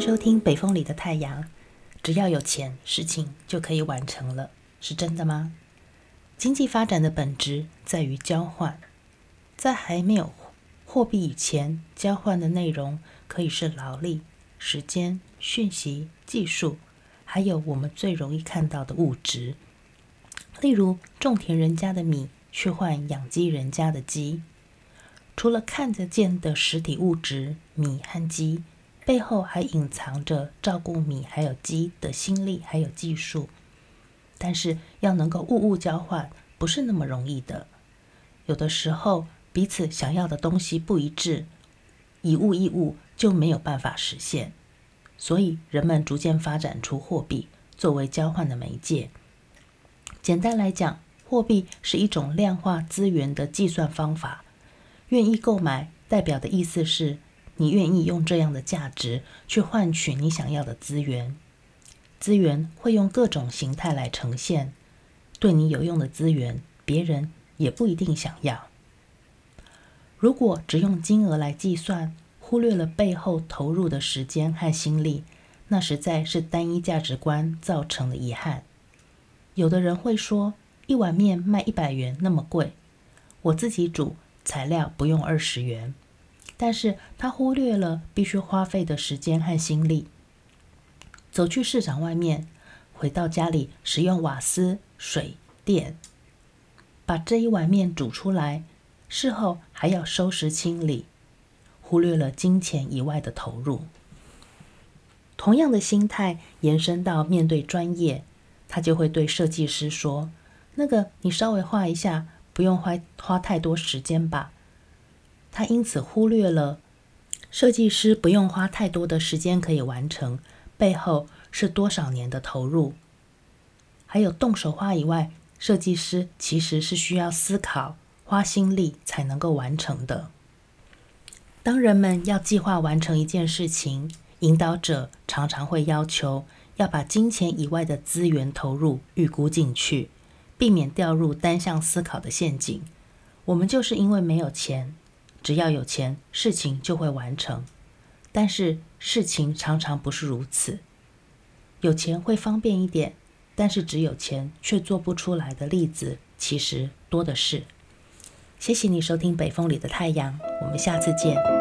收聽北風裡的太陽。只要有錢，事情就可以完成了，是真的嗎？經濟發展的本質在於交換。在還沒有貨幣以前，交換的內容可以是勞力、時間、訊息、技術，還有我們最容易看到的物質，例如種田人家的米去換養雞人家的雞。除了看得見的實體物質，米和雞。背後還隱藏着照顧米還有雞的心力，還有技術，但是要能夠物物交換，不是那麼容易的。有的時候彼此想要的東西不一致，以物易物就沒有辦法實現。所以人們逐漸發展出貨幣作為交換的媒介。簡單來講，貨幣是一種量化資源的計算方法。願意購買代表的意思是。你願意用這樣的價值去換取你想要的資源。資源會用各種形態來呈現，對你有用的資源，別人也不一定想要。如果只用金額來計算，忽略了背後投入的時間和心力，那實在是單一價值觀造成的遺憾。有的人會說，一碗麵賣一百元那麼貴，我自己煮，材料不用二十元。但是他忽略了必須花費的時間和心力，走去市場外面，回到家裡使用瓦斯、水電，把這一碗麵煮出來，事後還要收拾清理，忽略了金錢以外的投入。同樣的心態延伸到面對專業，他就會對設計師說：“那個，你稍微畫一下，不用花花太多時間吧。”他因此忽略了，設計師不用花太多的時間可以完成，背後是多少年的投入，還有動手畫以外，設計師其實是需要思考、花心力才能夠完成的。當人們要計劃完成一件事情，引導者常常會要求要把金錢以外的資源投入預估進去，避免掉入單向思考的陷阱。我們就是因為沒有錢。只要有錢，事情就會完成，但是事情常常不是如此。有錢會方便一點，但是只有錢卻做不出來的例子，其實多的是。謝謝你收聽《北風裡的太陽》，我們下次見。